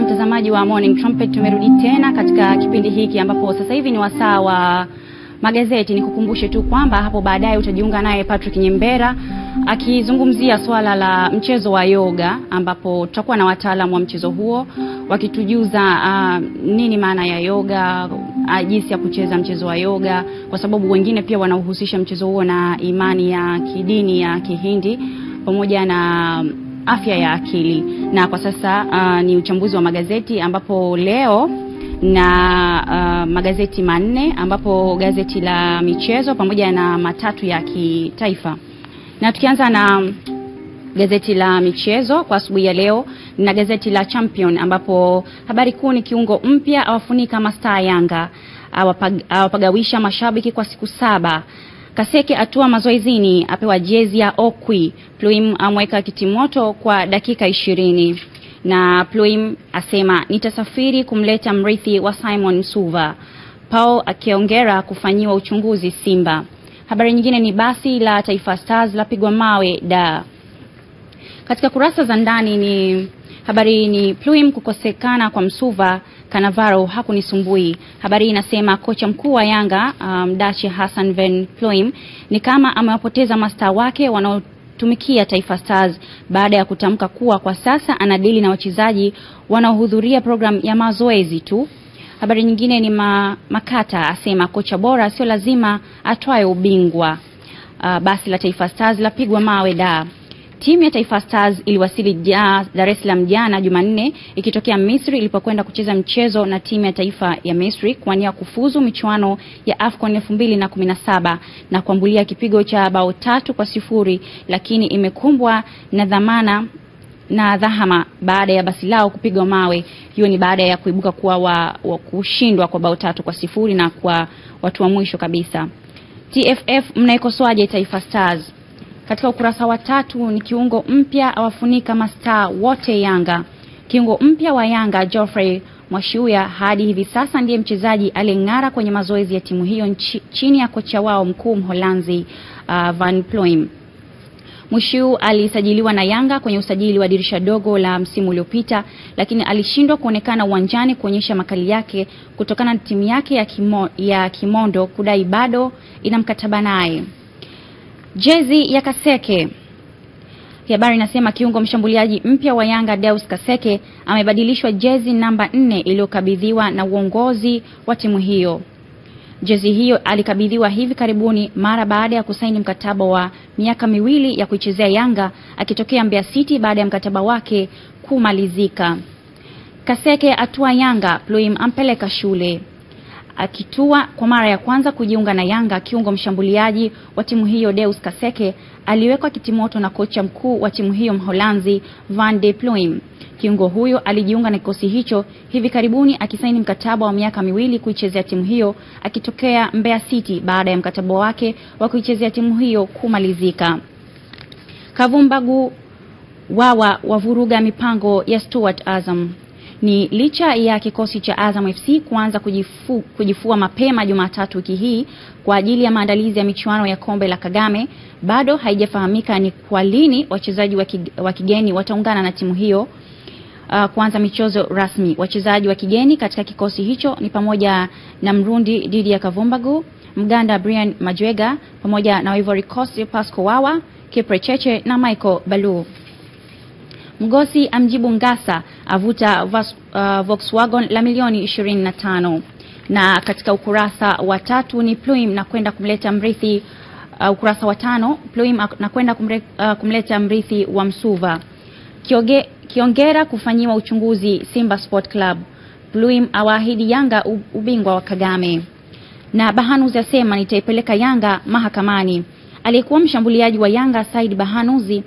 na mtazamaji wa Morning Trumpet, tumerudi tena katika kipindi hiki ambapo sasa hivi ni wasaa wa magazeti. Nikukumbushe tu kwamba hapo baadaye utajiunga naye Patrick Nyembera akizungumzia swala la mchezo wa yoga, ambapo tutakuwa na wataalamu wa mchezo huo wakitujuza uh, nini maana ya yoga, ah, jinsi ya kucheza mchezo wa yoga, kwa sababu wengine pia wanauhusisha mchezo huo na imani ya kidini ya Kihindi pamoja na afya ya akili. Na kwa sasa uh, ni uchambuzi wa magazeti ambapo leo na uh, magazeti manne ambapo gazeti la michezo pamoja na matatu ya kitaifa. Na tukianza na gazeti la michezo kwa asubuhi ya leo na gazeti la Champion ambapo habari kuu ni kiungo mpya awafunika mastaa Yanga, awapagawisha mashabiki kwa siku saba. Kaseke atua mazoezini, apewa jezi ya Okwi. Pluim amweka kitimoto kwa dakika ishirini na Pluim asema nitasafiri kumleta mrithi wa Simon Msuva. Paul akiongera kufanyiwa uchunguzi Simba. Habari nyingine ni basi la Taifa Stars lapigwa mawe da. Katika kurasa za ndani ni Habari ni Pluim kukosekana kwa Msuva, Kanavaro hakunisumbui. Habari inasema kocha mkuu wa Yanga Mdachi um, Hassan Van Pluim ni kama amewapoteza mastaa wake wanaotumikia Taifa Stars baada ya kutamka kuwa kwa sasa anadili na wachezaji wanaohudhuria programu ya mazoezi tu. Habari nyingine ni ma, Makata asema kocha bora sio lazima atwae ubingwa. Uh, basi la Taifa Stars lapigwa mawe da. Timu ya Taifa Stars iliwasili Dar es Salaam jana Jumanne ikitokea Misri ilipokwenda kucheza mchezo na timu ya taifa ya Misri kuwania kufuzu michuano ya AFCON 2017 na, na kuambulia kipigo cha bao tatu kwa sifuri, lakini imekumbwa na dhamana na dhahama baada ya basi lao kupigwa mawe. Hiyo ni baada ya kuibuka kuwa wa, wa kushindwa kwa bao tatu kwa sifuri na kwa watu wa mwisho kabisa. TFF mnaikosoaje Taifa Stars? Katika ukurasa wa tatu ni kiungo mpya awafunika mastaa wote Yanga. Kiungo mpya wa Yanga Geoffrey mwashuya hadi hivi sasa ndiye mchezaji aliyeng'ara kwenye mazoezi ya timu hiyo chini ya kocha wao mkuu Mholanzi uh, Van Ploem. Mwishiu alisajiliwa na Yanga kwenye usajili wa dirisha dogo la msimu uliopita, lakini alishindwa kuonekana uwanjani kuonyesha makali yake kutokana na timu yake ya, kimo, ya Kimondo kudai bado ina mkataba naye. Jezi ya Kaseke. Habari inasema kiungo mshambuliaji mpya wa Yanga Deus Kaseke amebadilishwa jezi namba nne iliyokabidhiwa na uongozi wa timu hiyo. Jezi hiyo alikabidhiwa hivi karibuni mara baada ya kusaini mkataba wa miaka miwili ya kuichezea Yanga akitokea Mbeya City baada ya mkataba wake kumalizika. Kaseke atua Yanga, Pluim ampeleka shule. Akitua kwa mara ya kwanza kujiunga na Yanga, kiungo mshambuliaji wa timu hiyo Deus Kaseke aliwekwa kitimoto na kocha mkuu wa timu hiyo Mholanzi Van de Ploem. Kiungo huyo alijiunga na kikosi hicho hivi karibuni akisaini mkataba wa miaka miwili kuichezea timu hiyo akitokea Mbeya City baada ya mkataba wake wa kuichezea timu hiyo kumalizika. Kavumbagu wawa wavuruga mipango ya Stuart Azam ni licha ya kikosi cha Azam FC kuanza kujifu, kujifua mapema Jumatatu wiki hii kwa ajili ya maandalizi ya michuano ya kombe la Kagame, bado haijafahamika ni kwa lini wachezaji wa kigeni wataungana na timu hiyo uh, kuanza michezo rasmi. Wachezaji wa kigeni katika kikosi hicho ni pamoja na Mrundi ya Kavumbagu, Mganda Brian Majwega pamoja na Ivory Coast Pasco Wawa, Kipre Cheche na Michael Balu. Mgosi amjibu Ngasa avuta uh, Volkswagen la milioni 25. Na katika ukurasa wa tatu ni Pluim na kwenda kumleta mrithi uh, ukurasa wa tano Pluim na kwenda kumre, uh, kumleta mrithi wa Msuva Kioge, Kiongera kufanyiwa uchunguzi Simba Sport Club. Pluim awaahidi Yanga ubingwa wa Kagame na Bahanuzi asema nitaipeleka Yanga mahakamani. Aliyekuwa mshambuliaji wa Yanga Said Bahanuzi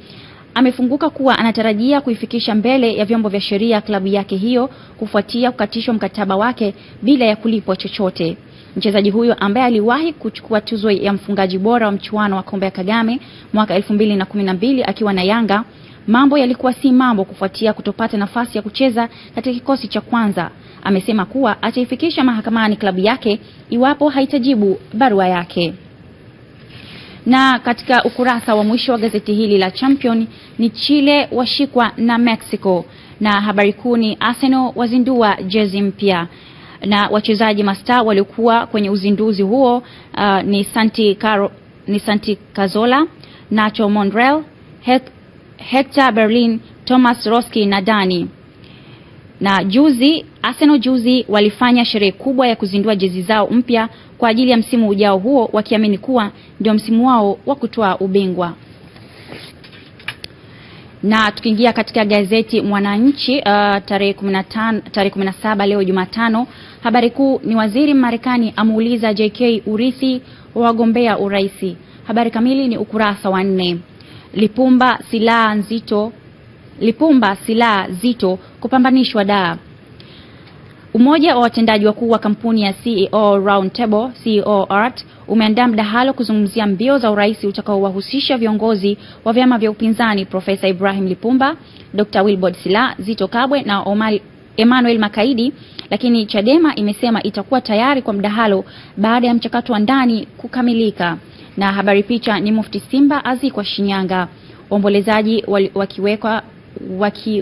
amefunguka kuwa anatarajia kuifikisha mbele ya vyombo vya sheria klabu yake hiyo kufuatia kukatishwa mkataba wake bila ya kulipwa chochote. Mchezaji huyo ambaye aliwahi kuchukua tuzo ya mfungaji bora wa mchuano wa kombe ya Kagame mwaka 2012 akiwa na Yanga, mambo yalikuwa si mambo kufuatia kutopata nafasi ya kucheza katika kikosi cha kwanza. Amesema kuwa ataifikisha mahakamani klabu yake iwapo haitajibu barua yake. Na katika ukurasa wa mwisho wa gazeti hili la Champion ni Chile washikwa na Mexico, na habari kuu ni Arsenal wazindua jezi mpya na wachezaji mastaa waliokuwa kwenye uzinduzi huo uh, ni Santi Caro, ni Santi Cazola, Nacho Monreal, Hector Berlin, Thomas Roski na Dani. Na juzi Arsenal juzi walifanya sherehe kubwa ya kuzindua jezi zao mpya kwa ajili ya msimu ujao huo, wakiamini kuwa ndio msimu wao wa kutoa ubingwa. Na tukiingia katika gazeti Mwananchi uh, tarehe 15 tarehe 17 leo Jumatano, habari kuu ni waziri Marekani amuuliza JK urithi wa wagombea uraisi. Habari kamili ni ukurasa wa nne. Lipumba silaha nzito, Lipumba silaha zito kupambanishwa daa Umoja wa watendaji wakuu wa kampuni ya CEO Roundtable CEO Art umeandaa mdahalo kuzungumzia mbio za urais utakaowahusisha viongozi wa vyama vya upinzani Profesa Ibrahim Lipumba, Dr. Wilbard Sila, Zito Kabwe na Omar Emmanuel Makaidi, lakini Chadema imesema itakuwa tayari kwa mdahalo baada ya mchakato wa ndani kukamilika. Na habari picha ni Mufti Simba azikwa Shinyanga, waombolezaji wakiweka waki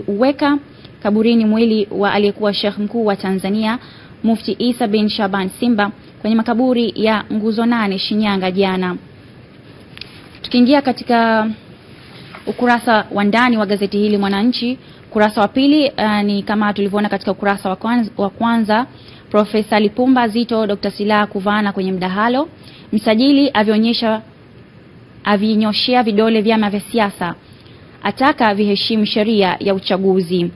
kaburini mwili wa aliyekuwa Sheikh mkuu wa Tanzania Mufti Isa bin Shaban Simba kwenye makaburi ya Nguzo Nane Shinyanga jana. Tukiingia katika ukurasa wa ndani wa gazeti hili Mwananchi, ukurasa wa pili uh, ni kama tulivyoona katika ukurasa wa kwanza, wa kwanza Profesa Lipumba Zito Dr. Silaa kuvana kwenye mdahalo, msajili avionyesha avinyoshea vidole vyama vya siasa, ataka viheshimu sheria ya uchaguzi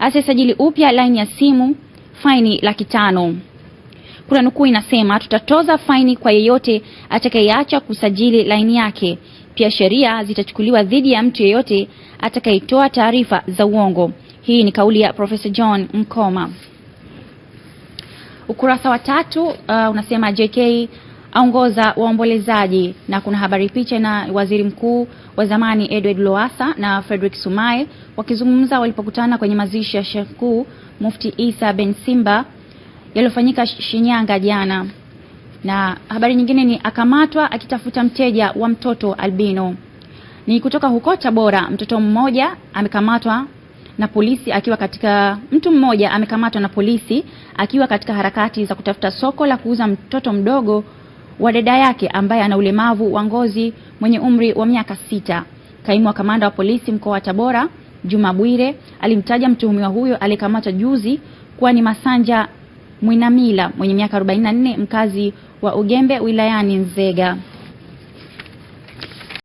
asiyesajili upya laini ya simu faini laki tano. Kuna nukuu inasema, tutatoza faini kwa yeyote atakayeacha kusajili laini yake. Pia sheria zitachukuliwa dhidi ya mtu yeyote atakayetoa taarifa za uongo. Hii ni kauli ya Profesa John Mkoma. Ukurasa wa tatu uh, unasema JK aongoza waombolezaji, na kuna habari picha na waziri mkuu wa zamani Edward Lowassa na Frederick Sumaye wakizungumza walipokutana kwenye mazishi ya Sheikh mkuu Mufti Isa Ben Simba yaliyofanyika Shinyanga jana. Na habari nyingine ni akamatwa akitafuta mteja wa mtoto albino. Ni kutoka huko Tabora, mtoto mmoja amekamatwa na polisi akiwa katika mtu mmoja amekamatwa na polisi akiwa katika harakati za kutafuta soko la kuuza mtoto mdogo wa dada yake ambaye ana ulemavu wa ngozi mwenye umri wa miaka sita. Kaimu wa kamanda wa polisi mkoa wa Tabora Juma Bwire alimtaja mtuhumiwa huyo aliyekamatwa juzi kuwa ni Masanja Mwinamila mwenye miaka 44 mkazi wa Ugembe wilayani Nzega.